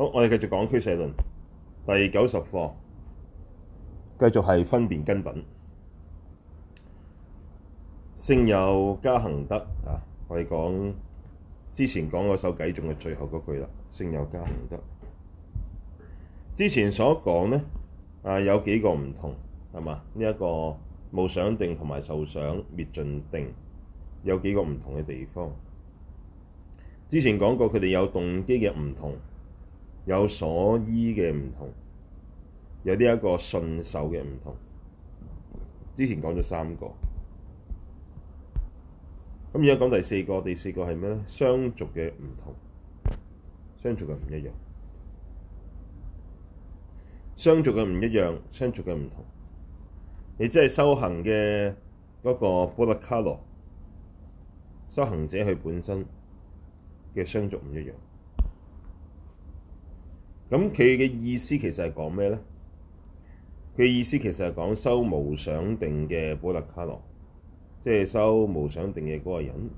好，我哋繼續講俱舍論第九十課，繼續係分辨根品。聖由加行得啊，我哋講之前講嗰首偈，中嘅最後嗰句啦。聖由加行得，之前所講呢，啊，有幾個唔同係嘛？呢一、這個無想定同埋受想滅盡定，有幾個唔同嘅地方。之前講過，佢哋有動機嘅唔同。有所依嘅唔同，有啲一個順受嘅唔同，之前講咗三個，咁而家講第四個，第四個係咩咧？相續嘅唔同，相續嘅唔一樣，相續嘅唔一樣，相續嘅唔同。你即係修行嘅嗰個補特伽羅修行者佢本身嘅相續唔一樣。咁佢嘅意思其實係講咩咧？佢意思其實係講修無想定嘅補特伽羅，即係修無想定嘅嗰個人，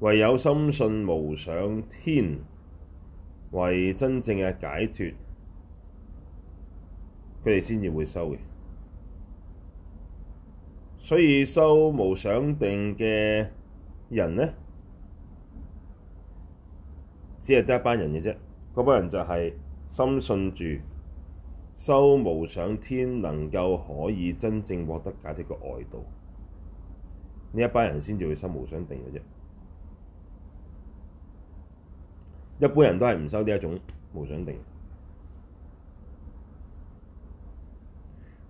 唯有深信無想天為真正嘅解脫，佢哋先至會修嘅。所以修無想定嘅人咧。只係得一班人嘅啫，嗰班人就係深信住修無想天能夠可以真正獲得解脱嘅外道。呢一班人先至會修無想定嘅啫。一般人都係唔修呢一種無想定，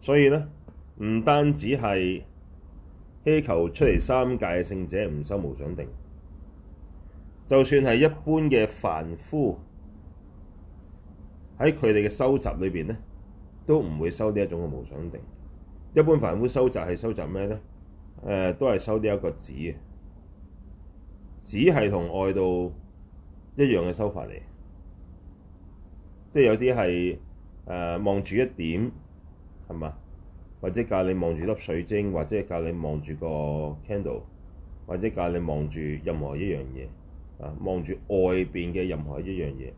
所以咧唔單止係希求出嚟三界嘅聖者唔修無想定。就算係一般嘅凡夫喺佢哋嘅修習裏邊咧，都唔會修呢一種嘅無想定。一般凡夫修習係修習咩咧？誒、呃，都係修呢一個紙嘅紙，係同外道一樣嘅修法嚟。即係有啲係誒望住一點係嘛，或者教你望住粒水晶，或者教你望住個 candle，或者教你望住任何一樣嘢。望住外邊嘅任何一樣嘢，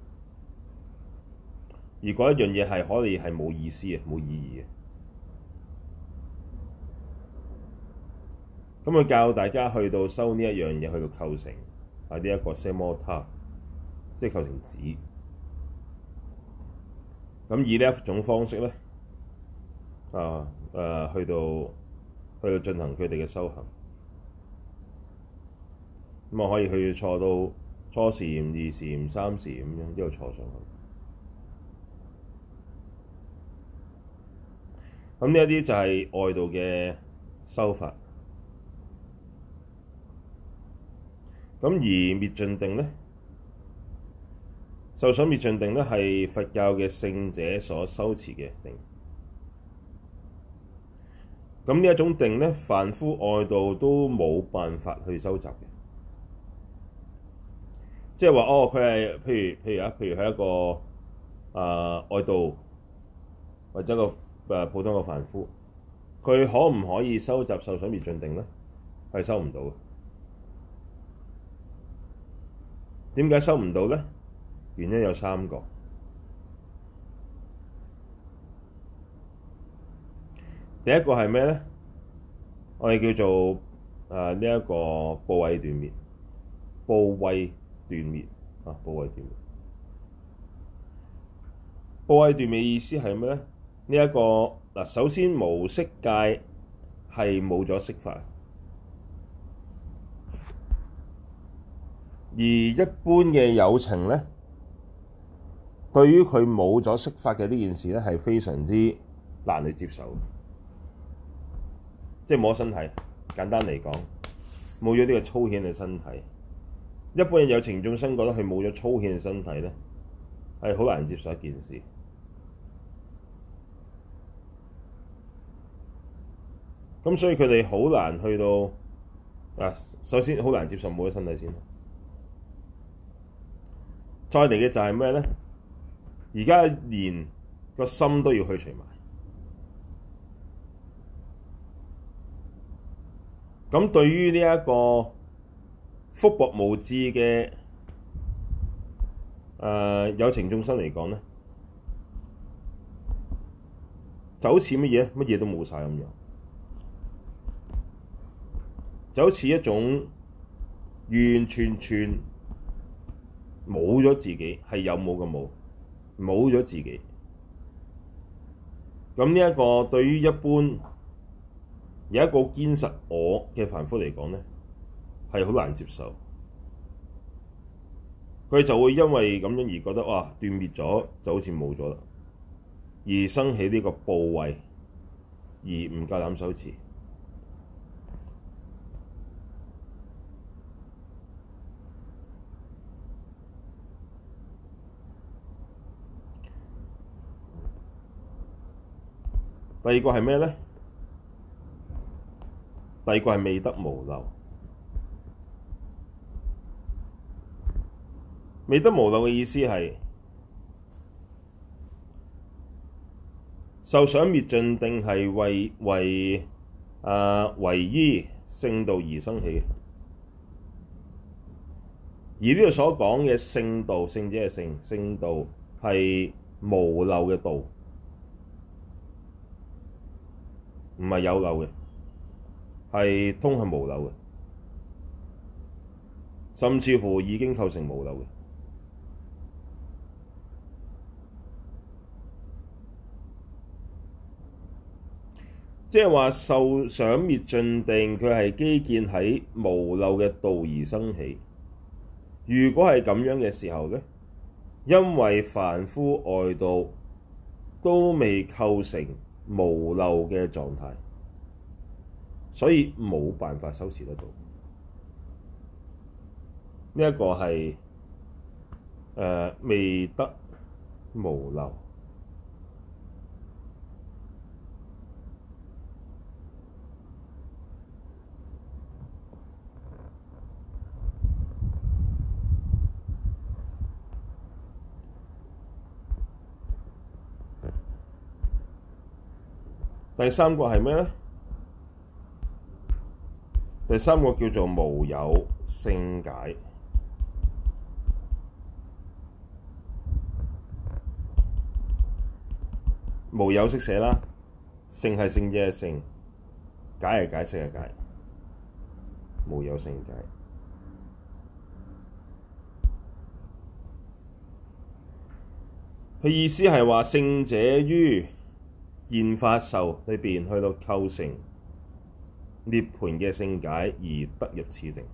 如果一樣嘢係可以係冇意思嘅、冇意義嘅，咁佢教大家去到收呢一樣嘢去到構成啊呢一、這個色摩他即係構成紙。咁以呢一種方式咧，啊誒、啊、去到去到進行佢哋嘅修行。咁啊，可以去坐到初禪、二禪、三禪咁樣一路坐上去。咁呢一啲就係外道嘅修法。咁而滅盡定咧，受想滅盡定咧，係佛教嘅聖者所修持嘅定。咁呢一種定咧，凡夫外道都冇辦法去修習嘅。即係話，哦，佢係譬如譬如啊，譬如係一個啊、呃、外道或者個誒、呃、普通個凡夫，佢可唔可以修習受想滅盡定咧？係收唔到嘅。點解收唔到咧？原因有三個。第一個係咩咧？我哋叫做誒呢一個怖畏斷滅，怖畏。斷滅啊，怖畏斷滅，怖畏斷滅意思係咩咧？呢、這、一個嗱，首先無色界係冇咗色法，而一般嘅有情呢，對於佢冇咗色法嘅呢件事呢，係非常之難去接受，即係摸身體，簡單嚟講，冇咗呢個粗顯嘅身體。一般人有情眾生，覺得佢冇咗粗獷身體咧，係好難接受一件事。咁所以佢哋好難去到嗱、啊，首先好難接受冇咗身體先，再嚟嘅就係咩咧？而家連個心都要去除埋。咁對於呢一個。福薄無智嘅誒有情眾生嚟講咧，就好似乜嘢，乜嘢都冇晒咁樣，就好似一種完全全冇咗自己，係有冇嘅冇，冇咗自己。咁呢一個對於一般有一個堅實我嘅凡夫嚟講咧，係好難接受，佢就會因為咁樣而覺得哇，斷滅咗，就好似冇咗啦，而生起呢個怖畏，而唔夠膽修持。第二個係咩咧？第二個係未得無漏。未得無漏嘅意思係受想滅盡定係為為誒、呃、唯依聖道而生起嘅。而呢度所講嘅聖道，聖者嘅聖，聖道係無漏嘅道，唔係有漏嘅，係通向無漏嘅，甚至乎已經構成無漏嘅。即係話受想滅盡定，佢係基建喺無漏嘅道而生起。如果係咁樣嘅時候咧，因為凡夫外道都未構成無漏嘅狀態，所以冇辦法修持得到。呢一個係誒未得無漏。第三個係咩咧？第三個叫做無有聖解，無有識寫啦。聖係聖，者係聖，解係解釋啊解，無有聖解。佢意思係話聖者於現法受裏邊去到構成涅槃嘅聖解而得入此定，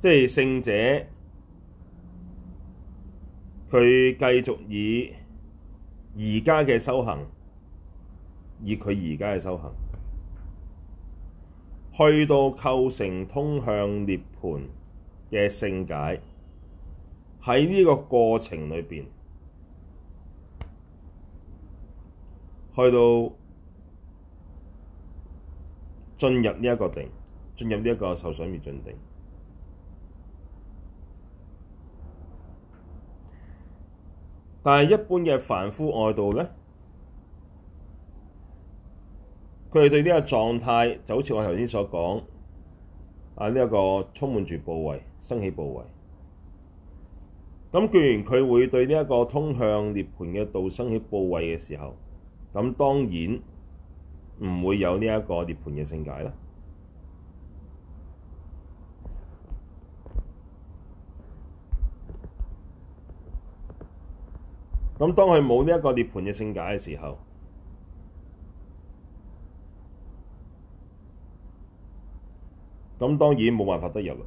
即係聖者佢繼續以而家嘅修行，以佢而家嘅修行去到構成通向涅槃嘅聖解，喺呢個過程裏邊。去到進入呢一個定，進入呢一個受想滅盡定。但係一般嘅凡夫外道咧，佢哋對呢一個狀態就好似我頭先所講啊，呢、這、一個充滿住怖畏，生起怖畏。咁既然佢會對呢一個通向涅槃嘅道生起怖畏嘅時候，咁當然唔會有呢一個涅槃嘅聖解啦。咁當佢冇呢一個涅槃嘅聖解嘅時候，咁當然冇辦法得入啦。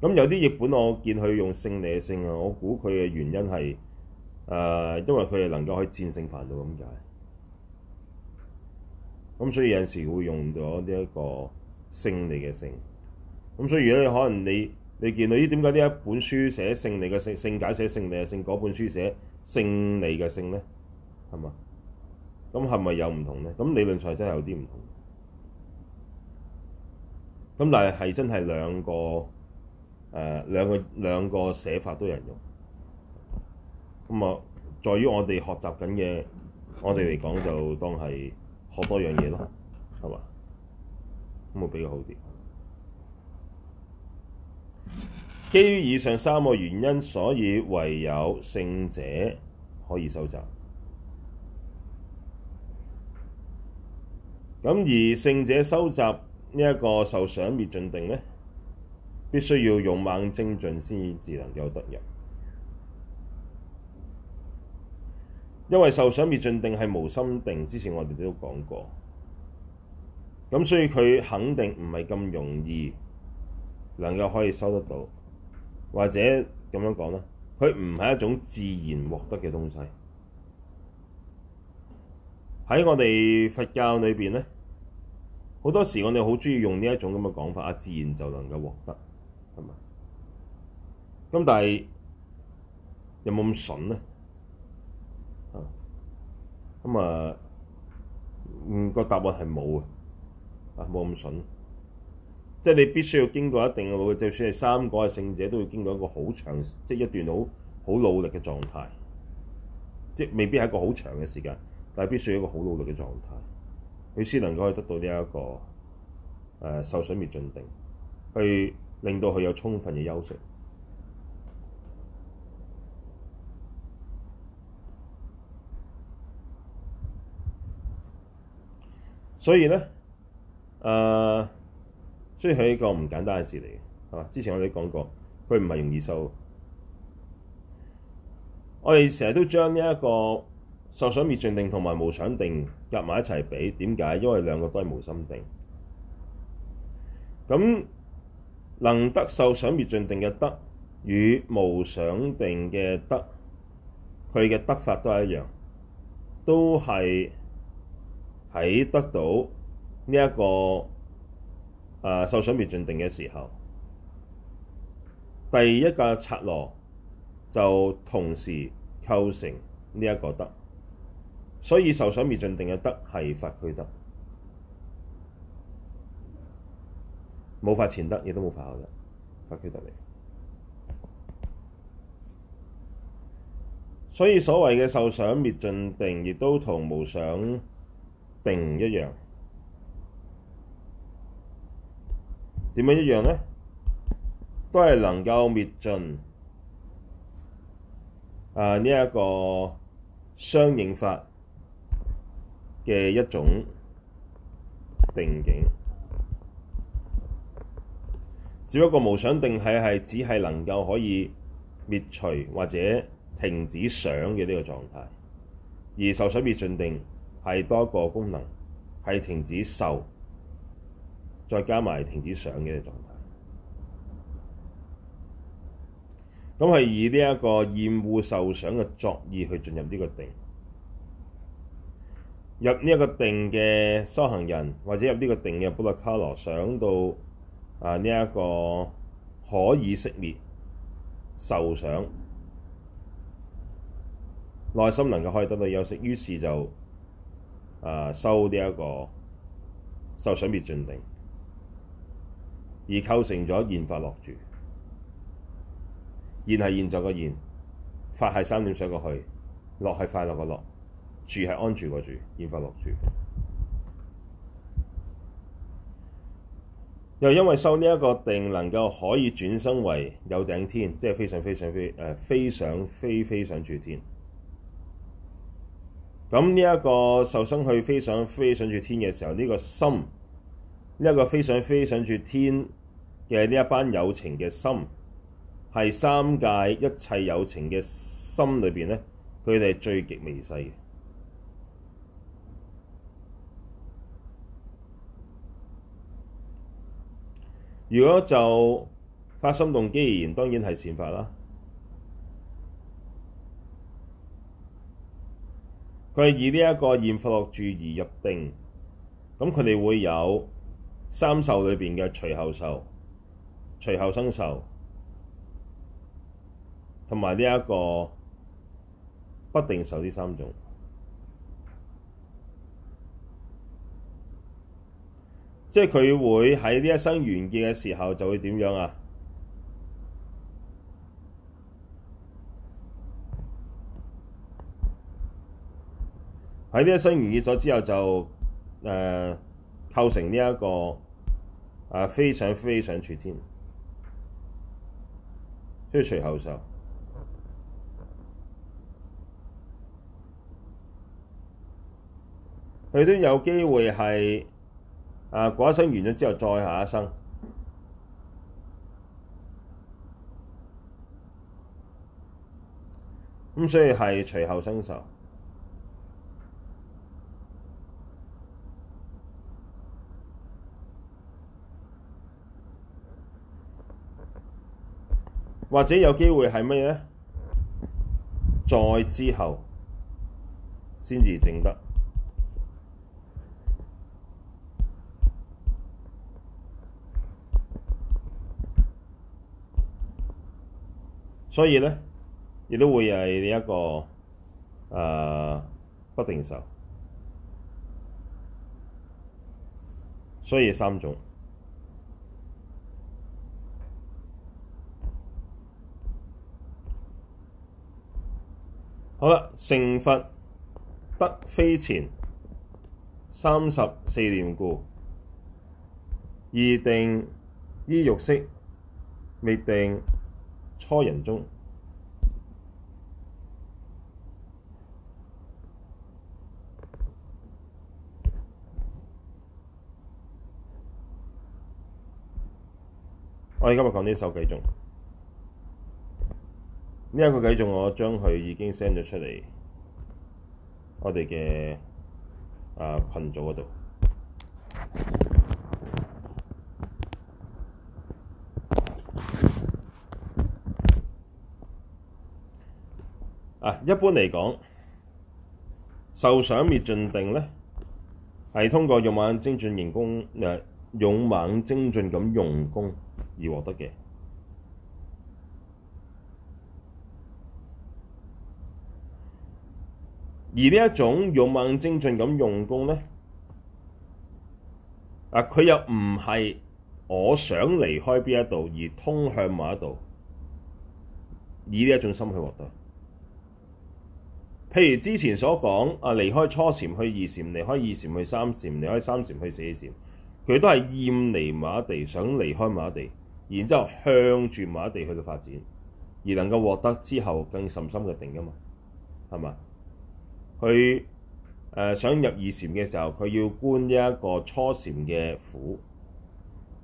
咁有啲譯本我，我見佢用勝利嘅勝啊，我估佢嘅原因係誒、呃，因為佢係能夠去戰勝煩惱咁解。咁所以有陣時會用咗呢一個勝利嘅勝。咁所以如果你可能你你見到咦？點解呢一本書寫勝利嘅勝，勝解寫勝利嘅勝，嗰本書寫勝利嘅勝咧？係嘛？咁係咪有唔同咧？咁理論上真係有啲唔同。咁但係係真係兩個。誒兩、uh, 個兩個寫法都有人用，咁啊，在於我哋學習緊嘅，我哋嚟講就當係學多樣嘢咯，係嘛？咁會比較好啲。基於以上三個原因，所以唯有聖者可以修習。咁而聖者修習呢一、這個受想滅盡定咧？必須要勇猛精進先至能夠得入，因為受想滅盡定係無心定，之前我哋都講過，咁所以佢肯定唔係咁容易能夠可以收得到，或者咁樣講啦，佢唔係一種自然獲得嘅東西。喺我哋佛教裏邊呢，好多時我哋好中意用呢一種咁嘅講法啊，自然就能夠獲得。咁但係有冇咁筍咧？咁啊，嗯，個答案係冇嘅，啊，冇咁筍。即係你必須要經過一定嘅，就算係三個嘅聖者都要經過一個好長，即係一段好好努力嘅狀態。即係未必係一個好長嘅時間，但係必須要一個好努力嘅狀態，佢先能夠可以得到呢、這、一個誒、呃、受水滅盡定去。令到佢有充分嘅休息，所以呢、呃，所以咧，誒，所以係一個唔簡單嘅事嚟嘅，係、啊、嘛？之前我哋講過，佢唔係容易修。我哋成日都將呢一個受想滅盡定同埋無想定夾埋一齊比，點解？因為兩個都係無心定，咁。能得受想滅盡定嘅得，與無想定嘅得，佢嘅得法都係一樣，都係喺得到呢、這、一個誒、呃、受想滅盡定嘅時候，第一個剎那就同時構成呢一個得，所以受想滅盡定嘅得係法俱得。冇法前得，亦都冇法後得，法俱得嚟。所以所謂嘅受想滅盡定，亦都同無想定一樣。點樣一樣呢？都係能夠滅盡啊，呢、呃、一個相應法嘅一種定境。只不過無想定係，係只係能夠可以滅除或者停止想嘅呢個狀態，而受想滅盡定係多個功能，係停止受，再加埋停止想嘅呢個狀態。咁係以呢一個厭惡受想嘅作意去進入呢個定，入呢一個定嘅修行人或者入呢個定嘅補特伽羅，想到。啊！呢一個可以熄滅受想，內心能夠可以得到休息，於是就，啊，修呢一個受想滅盡定，而構成咗現法樂住。現係現在個現，法係三點水個去，樂係快樂個樂，住係安住個住，現法樂住。又因為修呢一個定，能夠可以轉生為有頂天，即係非想非非想，呃，非想非非想處天。咁呢一個受生去非想非非想處天嘅時候，呢、這個心，呢、這、一個非想非非想處天嘅呢一班有情嘅心，係三界一切有情嘅心裏邊咧，佢哋係最極微細嘅。如果就發心動機而言，當然係善法啦。佢係以呢一個現法樂住而入定，咁佢哋會有三受裏邊嘅順後受、順後生受，同埋呢一個不定受呢三種。即係佢會喺呢一生完結嘅時候就會點樣啊？喺呢一生完結咗之後就，就、呃、誒構成呢、這、一個啊非想非非想天，即係隨後受，佢都有機會係。啊！過一生完咗之後，再下一生，咁、嗯、所以係隨後生受，或者有機會係乜嘢咧？再之後先至證得。所以呢，亦都會係一、這個誒、呃、不定受，所以三種好啦。成佛得非前三十四念故，二定依欲色滅定。初人中，我哋今日講呢首偈頌，呢一個偈頌我將佢已經 send 咗出嚟，我哋嘅啊群組嗰度。一般嚟講，受想滅盡定咧，係通過勇猛精進用功，誒勇猛精進咁用功而獲得嘅。而呢一種勇猛精進咁用功咧，啊佢又唔係我想離開邊一度而通向某一度，以呢一種心去獲得。譬如之前所講，啊離開初禪去二禪，離開二禪去三禪，離開三禪去四禪，佢都係厭離馬地，想離開馬地，然之後向住馬地去到發展，而能夠獲得之後更甚深嘅定噶嘛，係嘛？佢誒、呃、想入二禪嘅時候，佢要觀呢一個初禪嘅苦，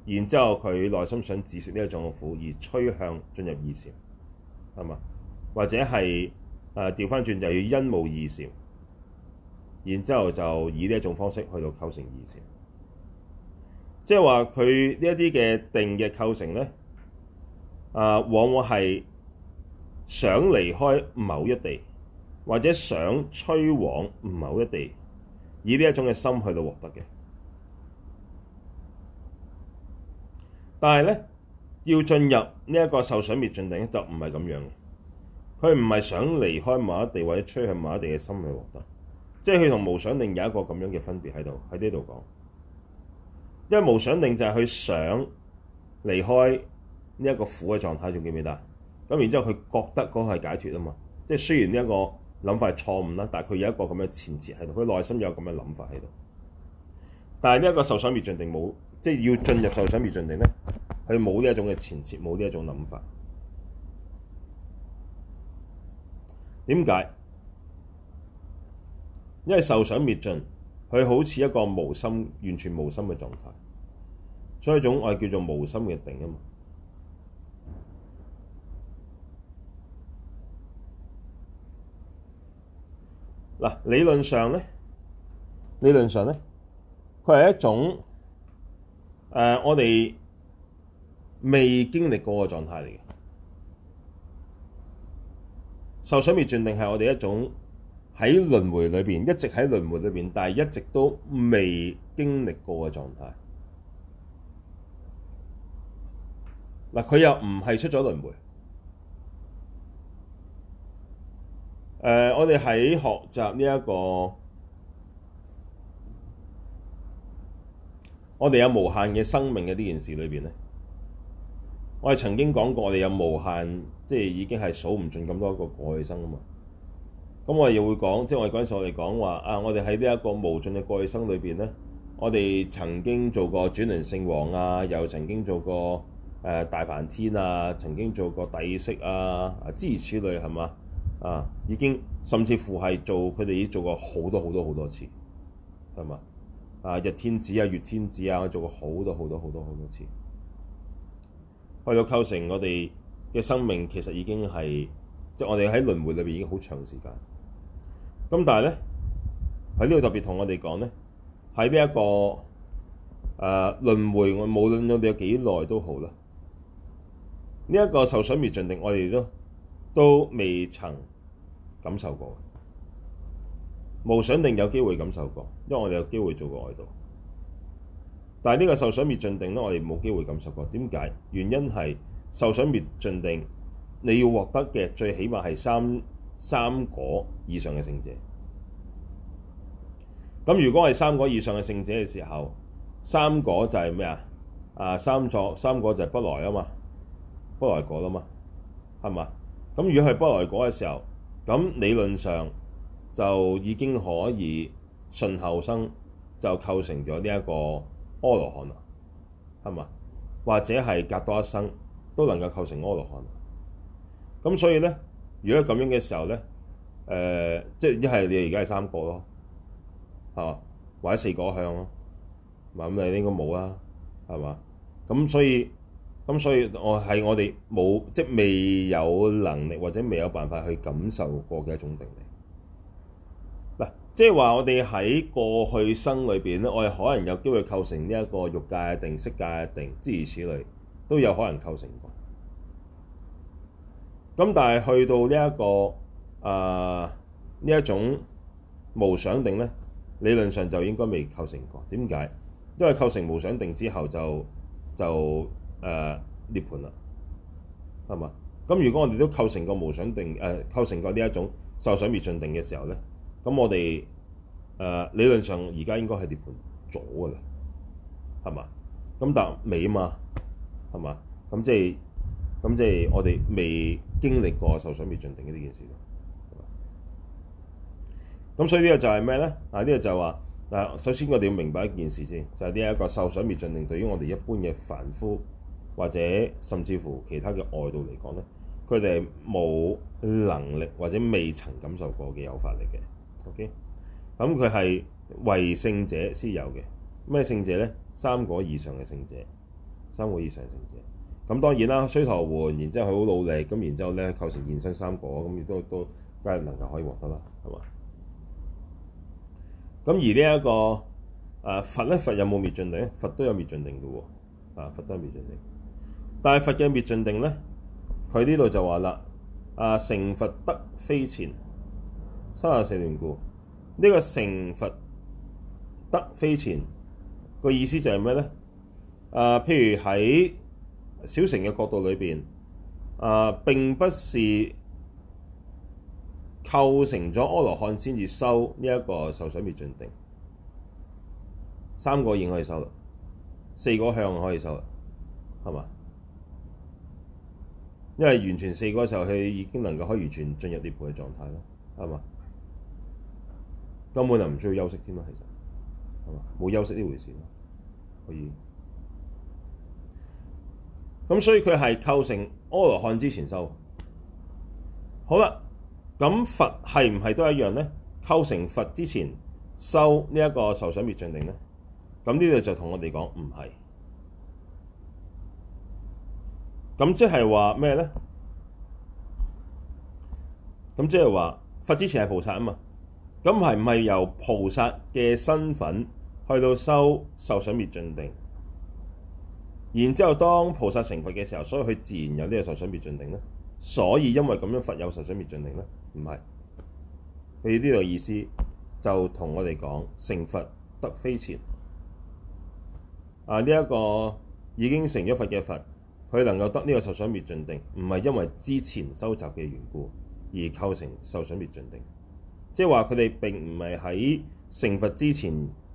然之後佢內心想自食呢種苦，而趨向進入二禪，係嘛？或者係。誒，調翻轉就要因無二善，然之後就以呢一種方式去到構成二善。即係話佢呢一啲嘅定嘅構成咧，啊往往係想離開某一地，或者想趨往某一地，以呢一種嘅心去到獲得嘅。但係咧，要進入呢一個受想滅盡定咧，就唔係咁樣。佢唔係想離開某一地或者吹向某一地嘅心理獲得，即係佢同無想定有一個咁樣嘅分別喺度，喺呢度講。因為無想定就係佢想離開呢一個苦嘅狀態，仲記唔記得？咁然之後佢覺得嗰個係解脫啊嘛，即係雖然呢一個諗法係錯誤啦，但係佢有一個咁嘅前設喺度，佢內心有咁嘅諗法喺度。但係呢一個受想滅盡定冇，即係要進入受想滅盡定咧，佢冇呢一種嘅前設，冇呢一種諗法。點解？因為受想滅盡，佢好似一個無心、完全無心嘅狀態，所以一種我哋叫做無心嘅定啊嘛。嗱、啊，理論上咧，理論上咧，佢係一種誒、呃，我哋未經歷過嘅狀態嚟嘅。受想滅盡定係我哋一種喺輪回裏邊，一直喺輪回裏邊，但係一直都未經歷過嘅狀態。嗱，佢又唔係出咗輪回。誒，我哋喺學習呢一個，我哋有無限嘅生命嘅呢件事裏邊咧，我哋曾經講過，我哋有無限。即係已經係數唔盡咁多一個過去生啊嘛，咁我又會講，即係我哋嗰陣時我哋講話啊，我哋喺呢一個無盡嘅過去生裏邊咧，我哋曾經做過轉輪聖王啊，又曾經做過誒、呃、大梵天啊，曾經做過帝釋啊，諸如此類係嘛啊，已經甚至乎係做佢哋已經做過好多好多好多好多次，係嘛啊，日天子啊，月天子啊，我做過好多好多好多好多好多次，去到構成我哋嘅生命其實已經係即係我哋喺輪回裏邊已經好長時間，咁但係咧喺呢度特別同我哋講咧，喺呢一個誒輪回，呃、無論我無論我哋有幾耐都好啦，呢、這、一個受想滅盡定，我哋都都未曾感受過，無想定有機會感受過，因為我哋有機會做過外道，但係呢個受想滅盡定咧，我哋冇機會感受過。點解？原因係。受想滅盡定，你要獲得嘅最起碼係三三果以上嘅聖者。咁如果係三果以上嘅聖者嘅時候，三果就係咩啊？啊，三座三果就係不來啊嘛，不來果啊嘛，係嘛？咁如果係不來果嘅時候，咁理論上就已經可以順後生就構成咗呢一個阿羅漢啦，係嘛？或者係隔多一生，都能夠構成阿羅漢，咁所以咧，如果咁樣嘅時候咧，誒、呃，即係一係你而家係三個咯，嚇，或者四個向咯，咪咁你應該冇啦，係嘛？咁所以，咁所以我係我哋冇，即係未有能力或者未有辦法去感受過嘅一種定力。嗱，即係話我哋喺過去生裏邊咧，我哋可能有機會構成呢一個欲界定、色界定諸如此類。都有可能構成過，咁但係去到呢、這、一個啊呢、呃、一種無想定咧，理論上就應該未構成過。點解？因為構成無想定之後就就誒涅、呃、槃啦，係嘛？咁如果我哋都構成個無想定誒、呃、構成個呢一種受想滅盡定嘅時候咧，咁我哋誒、呃、理論上而家應該係涅槃咗噶啦，係嘛？咁但係未啊嘛？係嘛？咁即係，咁即係我哋未經歷過受想滅盡定嘅呢件事。咁所以呢個就係咩咧？嗱、啊，呢個就係話，嗱，首先我哋要明白一件事先，就係呢一個受想滅盡定對於我哋一般嘅凡夫或者甚至乎其他嘅外道嚟講咧，佢哋冇能力或者未曾感受過嘅有法力嘅。OK，咁佢係為聖者先有嘅。咩聖者咧？三果以上嘅聖者。生活以上成就，咁當然啦，追頭換，然之後佢好努力，咁然之後咧構成現身三果，咁亦都都梗係能夠可以獲得啦，係嘛？咁而、這個啊、呢一個誒佛咧，佛有冇滅盡定咧？佛都有滅盡定嘅喎，啊佛都有滅盡定，但係佛嘅滅盡定咧，佢呢度就話啦，啊成佛得非前，三十四念故，呢、這個成佛得非前個意思就係咩咧？誒、呃，譬如喺小城嘅角度裏邊，誒、呃、並不是構成咗阿羅漢先至收呢一個受想滅盡定，三個已經可以收啦，四個向可以收啦，係嘛？因為完全四個嘅時候，佢已經能夠可以完全進入涅槃嘅狀態啦，係嘛？根本就唔需要休息添啦，其實係嘛，冇休息呢回事可以。咁所以佢係構成阿羅漢之前修，好啦。咁佛係唔係都係一樣咧？構成佛之前修呢一個受想滅盡定咧？咁呢度就同我哋講唔係。咁即係話咩咧？咁即係話佛之前係菩薩啊嘛。咁係唔係由菩薩嘅身份去到修受想滅盡定？然之後，當菩薩成佛嘅時候，所以佢自然有呢個受想滅盡定咧。所以因為咁樣佛有受想滅盡定咧，唔係佢呢度意思，就同我哋講，成佛得非前啊，呢一個已經成咗佛嘅佛，佢能夠得呢個受想滅盡定，唔係因為之前收集嘅緣故而構成受想滅盡定，即係話佢哋並唔係喺成佛之前，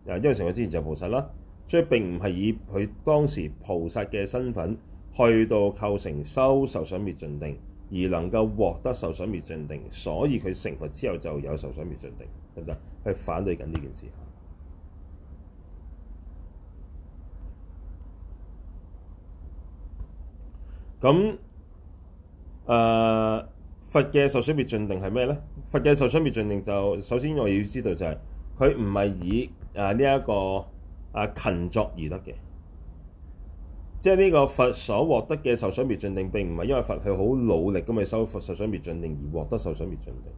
啊，因為成佛之前就菩薩啦。即係並唔係以佢當時菩薩嘅身份去到構成修受想滅盡定，而能夠獲得受想滅盡定，所以佢成佛之後就有受想滅盡定，對唔對？去反對緊呢件事。咁誒、呃，佛嘅受想滅盡定係咩呢？佛嘅受想滅盡定就首先我要知道就係佢唔係以誒呢一個。啊勤作而得嘅，即係呢個佛所獲得嘅受想滅盡定並唔係因為佛佢好努力咁去修佛受想滅盡定而獲得受想滅盡定。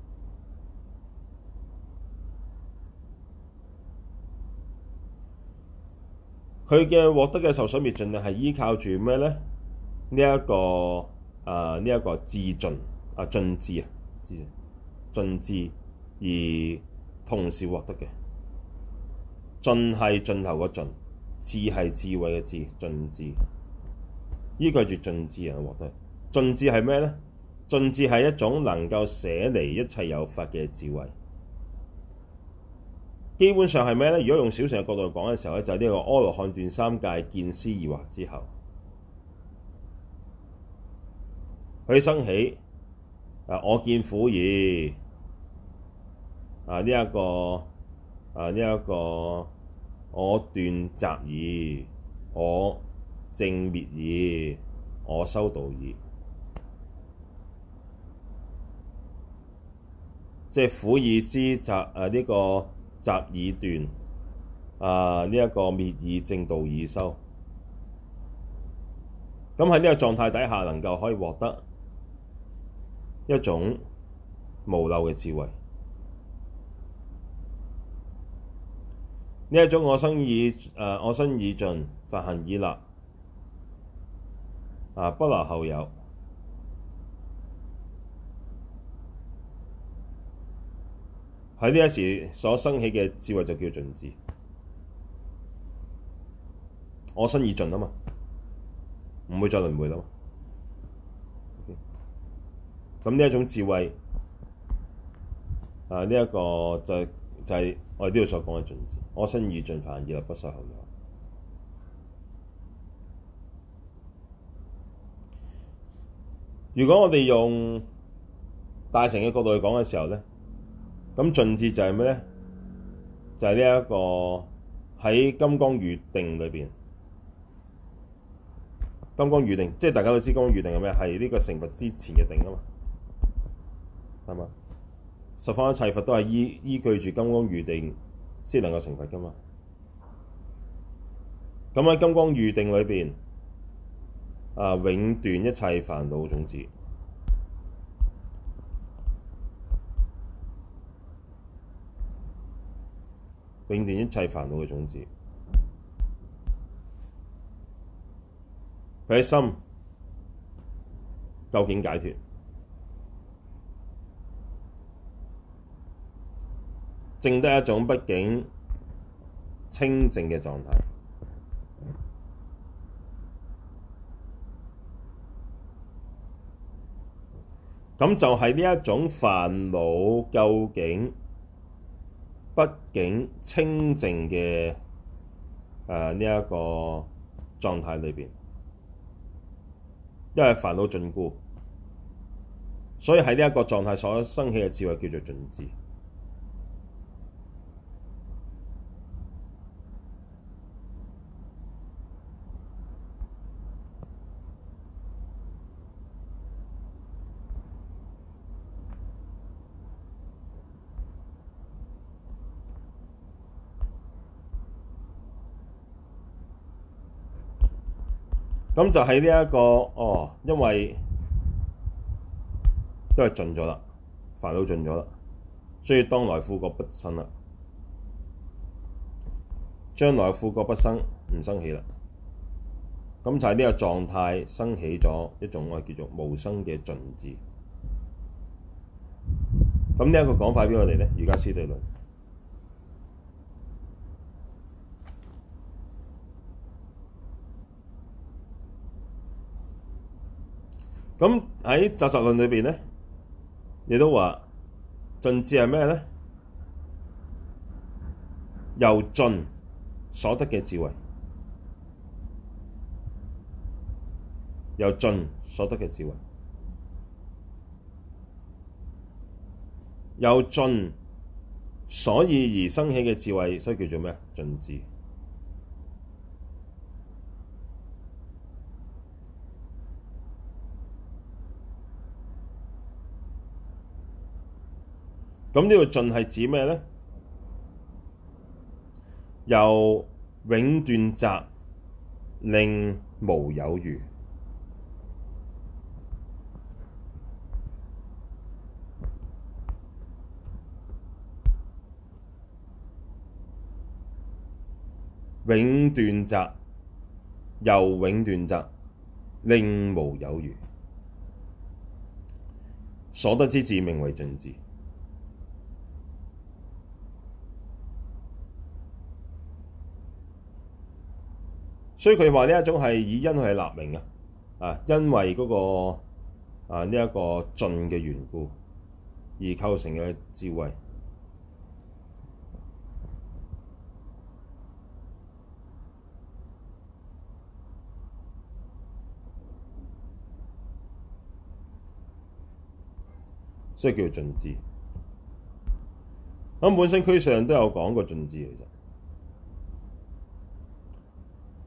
佢嘅獲得嘅受想滅盡定係依靠住咩咧？呢、這、一個、呃這個、啊呢一個自盡啊盡智啊盡智而同時獲得嘅。盡係盡頭個盡，智係智慧嘅智，盡智。依句住盡智啊，獲得盡智係咩咧？盡智係一種能夠捨離一切有法嘅智慧。基本上係咩咧？如果用小乘嘅角度嚟講嘅時候咧，就呢、是、個阿羅漢斷三界見思二惑之後，佢生起啊我見苦已啊呢一、這個。啊！呢、這、一個我斷集已，我證滅已，我修道已，即係苦已知，集啊！呢、這個集已斷啊！呢、這、一個滅已證，道已修。咁喺呢個狀態底下，能夠可以獲得一種無漏嘅智慧。呢一種我生已誒，我生已盡，法行已立，啊，不留後有。喺呢一時所生起嘅智慧就叫盡智，我生已盡啊嘛，唔會再輪迴啦。咁、啊、呢一種智慧，啊，呢、這、一個就係。就係我哋呢度所講嘅盡智，我生已盡，梵行已立，不受後有。如果我哋用大乘嘅角度去講嘅時候咧，咁盡智就係咩咧？就係呢一個喺金剛喻定裏邊，金剛喻定，即係大家都知金剛喻定係咩？係呢個成佛之前嘅定啊嘛，係嘛？十方、呃、一切佛都係依依據住金剛喻定先能夠成佛噶嘛？咁喺金剛喻定裏面，啊永斷一切煩惱種子，永斷一切煩惱嘅種子，佢嘅心究竟解脫，證得一種畢竟清淨嘅狀態，咁就係呢一種煩惱究竟畢竟清淨嘅誒呢一個狀態裏邊，因為煩惱盡故，所以喺呢一個狀態所生起嘅智慧叫做盡智。咁就喺呢一個哦，因為都係盡咗啦，煩惱盡咗啦，所以當來苦果不生啦，將來苦果不生唔生起啦。咁就喺呢個狀態生起咗一種我叫做無生嘅盡智。咁呢一個講法俾我哋呢，而家師地論。咁喺《雜集論》裏邊咧，你都話盡智係咩咧？由盡所得嘅智慧，由盡所得嘅智慧，由盡所以而生起嘅智慧，所以叫做咩？盡智。咁呢個盡係指咩咧？由「永斷集，令無有餘；永斷集，由「永斷集，令無有餘。所得之智，名為盡智。所以佢話呢一種係以因嚟立名嘅，啊，因為嗰、那個啊呢一、這個盡嘅緣故而構成嘅智慧，所以叫盡智。咁本身區上都有講過盡智其實。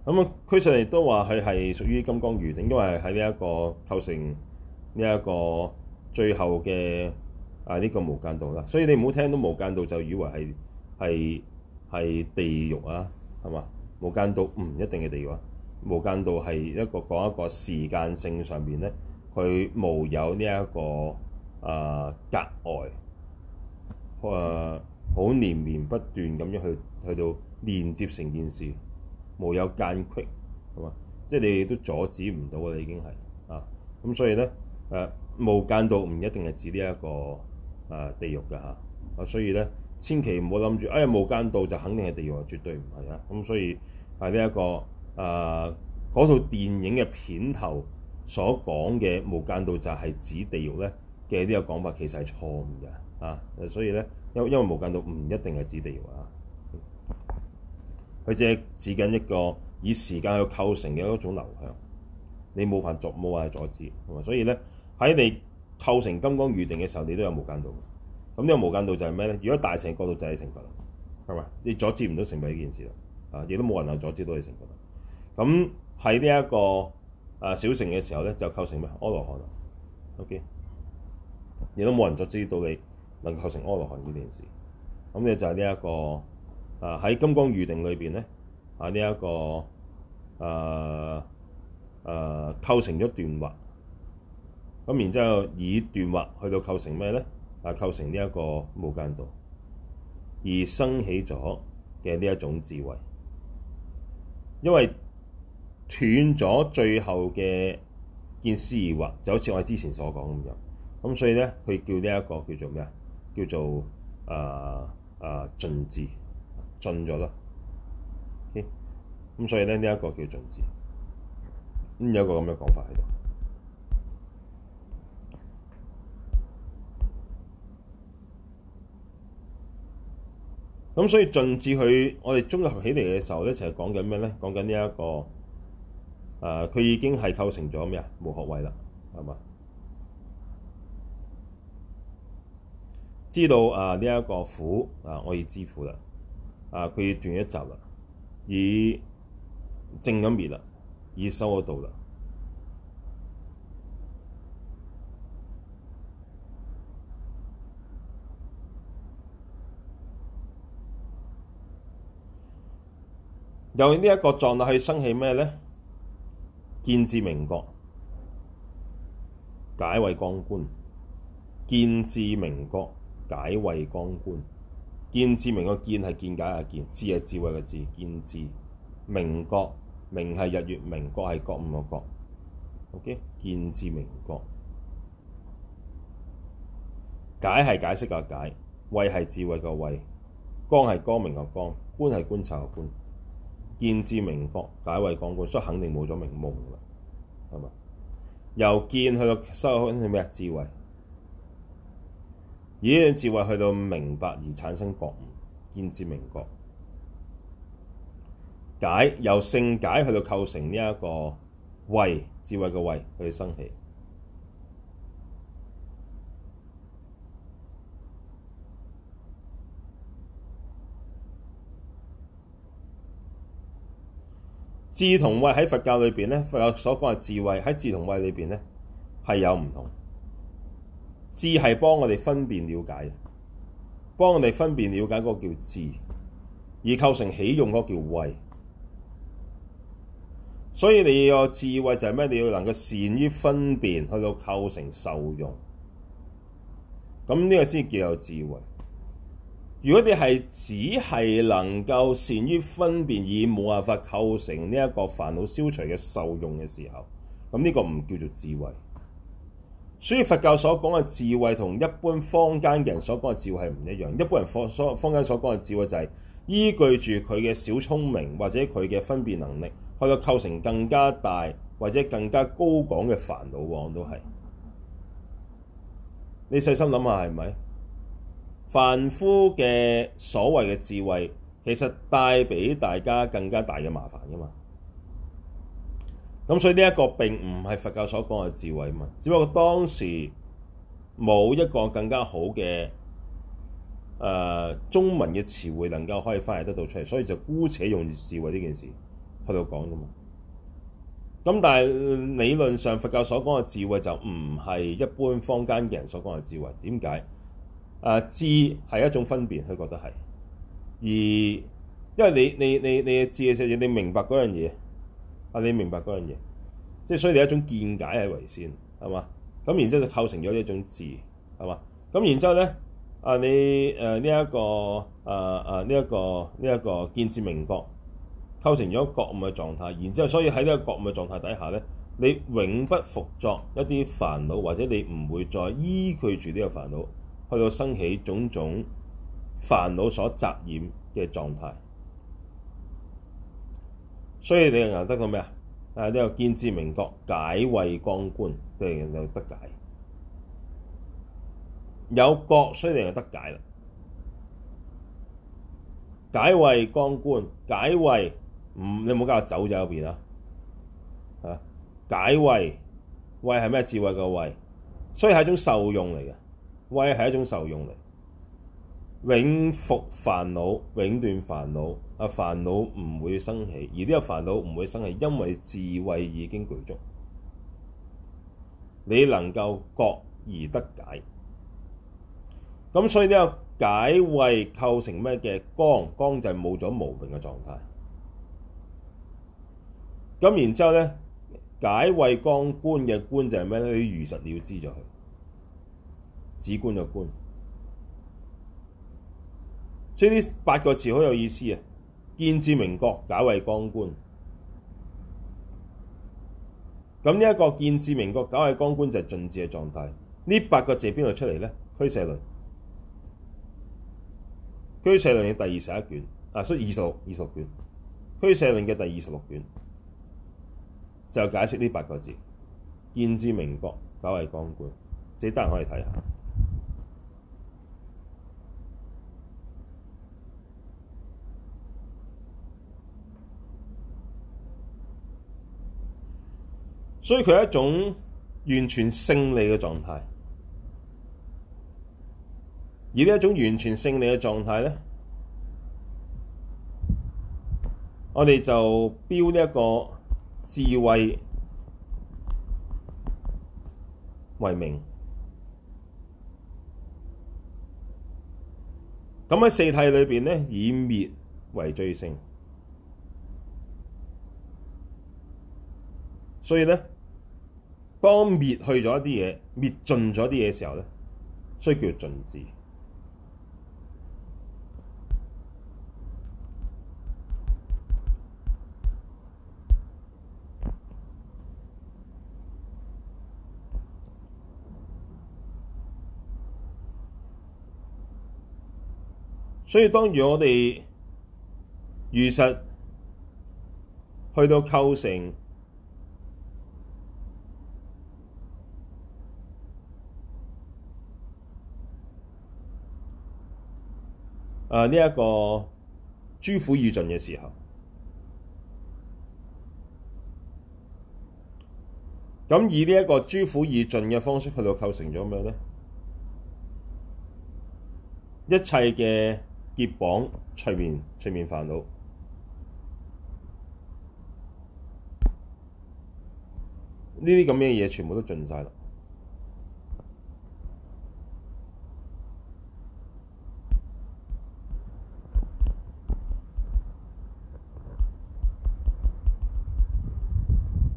咁啊，佢實亦都話佢係屬於金剛喻定，因為喺呢一個構成呢一個最後嘅啊呢、這個無間道啦。所以你唔好聽到無間道就以為係係係地獄啊，係嘛？無間道唔一定係地獄啊，無間道係一個講一個時間性上面呢，咧，佢無有呢、這、一個啊、呃、格外啊好、呃、連綿不斷咁樣去去到連接成件事，無有間隙，係嘛？即係你都阻止唔到㗎啦，你已經係啊咁，所以咧誒、啊、無間道唔一定係指呢、這、一個誒、啊、地獄㗎嚇，啊所以咧千祈唔好諗住誒無間道就肯定係地獄啊，絕對唔係啊，咁所以喺呢一個誒嗰套電影嘅片頭所講嘅無間道就係指地獄咧嘅呢個講法其實係錯誤㗎啊，所以咧因為因為無間道唔一定係指地獄啊。佢只係指緊一個以時間去構成嘅一種流向，你冇法作冇話係阻止，係咪？所以咧喺你構成金剛喻定嘅時候，你都有無間道。咁呢個無間道就係咩咧？如果大乘角度就係你成佛，啦吧，係咪？你阻止唔到成佛呢件事啦，啊，亦都冇人能阻止到你成佛。咁喺呢一個啊小乘嘅時候咧，就構成咩？阿羅漢啦，OK，亦都冇人阻止到你能夠成阿羅漢呢件事。咁咧就係呢一個。啊！喺金剛喻定裏邊咧，喺呢一個啊啊構成咗斷惑，咁然之後以斷惑去到構成咩咧？啊構成呢一個無間道而生起咗嘅呢一種智慧，因為斷咗最後嘅見思二惑，就好似我之前所講咁樣。咁所以咧，佢叫呢、這、一個叫做咩啊？叫做，叫做啊啊盡智。盡咗啦，咁、okay? 所以咧呢一、這個叫盡智，咁、嗯、有一個咁嘅講法喺度。咁所以盡智佢，我哋綜合起嚟嘅時候咧，其實係講緊咩咧？講緊呢一個，啊、呃，佢已經係構成咗咩啊？無學位啦，係嘛？知道啊，呢、呃、一、這個苦啊、呃，我要知苦啦。啊！佢斷一集啦，已證而滅啦，已修嗰度啦。由呢一個狀態去生起咩咧？見智明覺，解慧光觀。見智明覺，解慧光觀。見智明覺見係見解啊，見智係智慧嘅智，見智明覺明係日月明，覺係覺悟個覺，OK，見智明覺解係解釋啊，解慧係智慧個慧，光係光明個光，觀係觀察個觀，見智明覺解慧光觀，所以肯定冇咗明目啦，係嘛？由見去到收，去到咩啊？智慧。以智慧去到明白而產生覺悟，見智明覺解由性解去到構成呢一個慧，智慧嘅慧去生起。智同慧喺佛教裏邊呢，佛教所講嘅智慧喺智同慧裏邊呢，係有唔同。智係幫我哋分辨了解，幫我哋分辨了解嗰個叫智，而構成起用嗰個叫慧。所以你要智慧就係咩？你要能夠善於分辨，去到構成受用。咁呢個先叫有智慧。如果你係只係能夠善於分辨而冇辦法構成呢一個煩惱消除嘅受用嘅時候，咁呢個唔叫做智慧。所以佛教所講嘅智慧同一般坊間嘅人所講嘅智慧係唔一樣。一般人所坊所坊間所講嘅智慧就係依據住佢嘅小聰明或者佢嘅分辨能力，去到構成更加大或者更加高廣嘅煩惱網都係。你細心諗下係咪？凡夫嘅所謂嘅智慧，其實帶俾大家更加大嘅麻煩嘅嘛。咁所以呢一個並唔係佛教所講嘅智慧嘛，只不過當時冇一個更加好嘅、誒、呃、中文嘅詞彙能夠可以翻譯得到出嚟，所以就姑且用智慧呢件事去度講噶嘛。咁但係、呃、理論上佛教所講嘅智慧就唔係一般坊間嘅人所講嘅智慧，點解？誒、呃，智係一種分別，佢覺得係，而因為你你你你嘅智嘅時候，你明白嗰樣嘢。啊！你明白嗰樣嘢，即係所以你一種見解係為先，係嘛？咁然之後就構成咗一種智，係嘛？咁然之後咧，啊你誒呢一個、呃這個、啊啊呢一個呢一、這個見智明覺構成咗覺悟嘅狀態，然之後所以喺呢個覺悟嘅狀態底下咧，你永不復作一啲煩惱，或者你唔會再依佢住呢個煩惱去到生起種種煩惱所擲染嘅狀態。所以你又得個咩啊？啊，你又見智明覺解慧光觀，即係又得解有覺、嗯啊，所以你又得解啦。解慧光觀，解慧唔你冇搞走咗入邊啊？解慧，慧係咩？智慧個慧，所以係一種受用嚟嘅，慧係一種受用嚟，永伏煩惱，永斷煩惱。啊！煩惱唔會生起，而呢個煩惱唔會生起，因為智慧已經具足。你能夠覺而得解，咁所以呢個解慧構成咩嘅光？光就係冇咗無明嘅狀態。咁然之後咧，解慧光觀嘅觀就係咩咧？你如實了知咗佢，指觀就觀。所以呢八個字好有意思啊！見智明覺，解慧光觀。咁呢一個見智明覺，解慧光觀就係盡智嘅狀態。呢八個字邊度出嚟咧？俱舍論《俱舍論》，《俱舍論》嘅第二十一卷，啊，所以二十六二十六卷，俱舍論《俱舍論》嘅第二十六卷就解釋呢八個字：見智明覺，解慧光觀。自己得閒可以睇下。所以佢係一種完全勝利嘅狀態，而呢一種完全勝利嘅狀態咧，我哋就標呢一個智慧為名，咁喺四諦裏邊咧，以滅為最勝，所以咧。當滅去咗一啲嘢，滅盡咗啲嘢嘅時候咧，所以叫做盡智。所以當如我哋如實去到構成。啊！呢、這、一個諸苦已盡嘅時候，咁以呢一個諸苦已盡嘅方式去到構成咗咩咧？一切嘅結縛、隨眠、隨煩惱呢啲咁嘅嘢，全部都盡晒啦～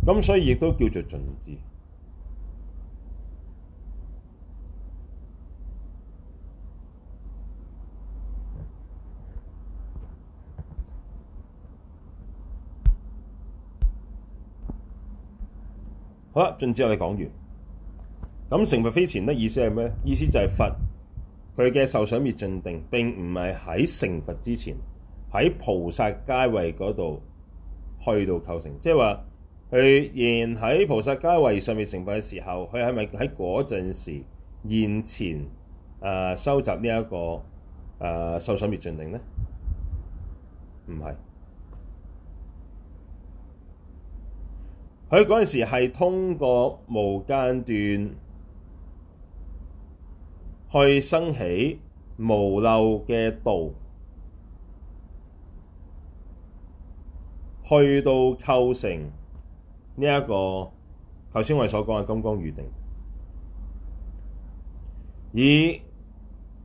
咁所以亦都叫做盡智。好啦，盡智我哋講完。咁成佛非前咧，意思係咩？意思就係佛佢嘅受想滅盡定並唔係喺成佛之前，喺菩薩階位嗰度去到構成，即係話。佢現喺菩薩階位上面成佛嘅時候，佢係咪喺嗰陣時現前誒、呃、收集、這個呃、呢一個誒受想滅盡定咧？唔係，佢嗰陣時係通過無間斷去生起無漏嘅道，去到構成。呢一個頭先我哋所講嘅金剛喻定，以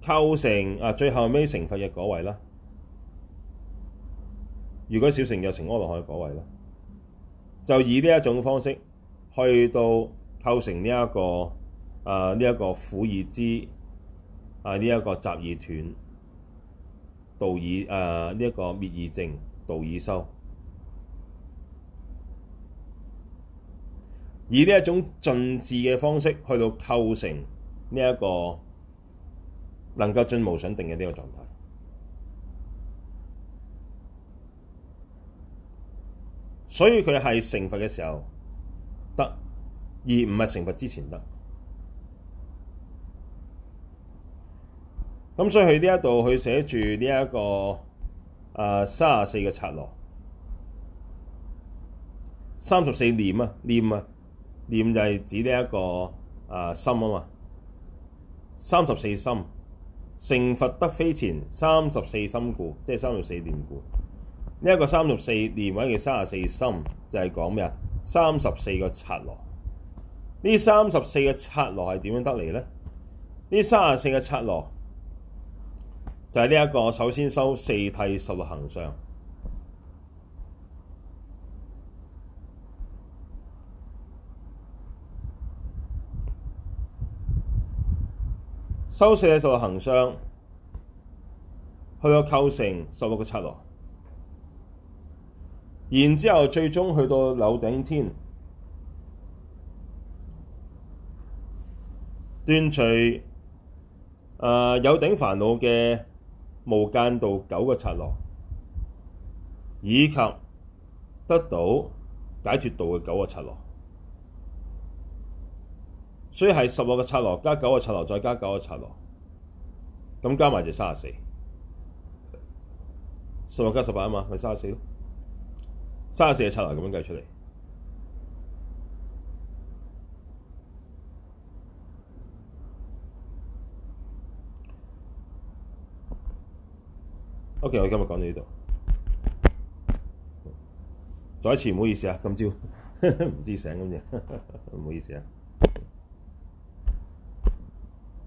構成啊最後尾成佛嘅果位啦，如果小乘又成阿羅漢嘅果位啦，就以呢一種方式去到構成呢、這、一個啊呢一、這個苦已知啊呢一、這個集已斷道已啊呢一、這個滅已證，道已修。以呢一種盡智嘅方式去到構成呢一個能夠進無想定嘅呢個狀態，所以佢係成佛嘅時候得，而唔係成佛之前得。咁所以佢呢一度佢寫住呢一個啊三十四嘅剎那，三十四念啊念啊。念念就係指呢、這、一個啊、呃、心啊嘛，三十四心，成佛得非前，三十四心故，即係三十四念故。呢、這、一個三十四念或者三十四心就係講咩啊？三十四個剎那，呢三十四個剎那係點樣得嚟咧？呢三十四個剎那就係呢一個首先修四諦十六行相。收修四就係行相，去到構成十六個剎那，然之後最終去到有頂天斷、呃、有頂天斷除，誒有頂煩惱嘅無間道九個剎那，以及得到解脫道嘅九個剎那。所以係十六個剎那加九個剎那再加九個剎那，咁加埋就三十四。十六加十八啊嘛，咪三十四咯。三十四個剎那咁樣計出嚟。OK，我今日講到呢度。再一次唔好意思啊，今朝唔 知醒咁嘢，唔 好意思啊。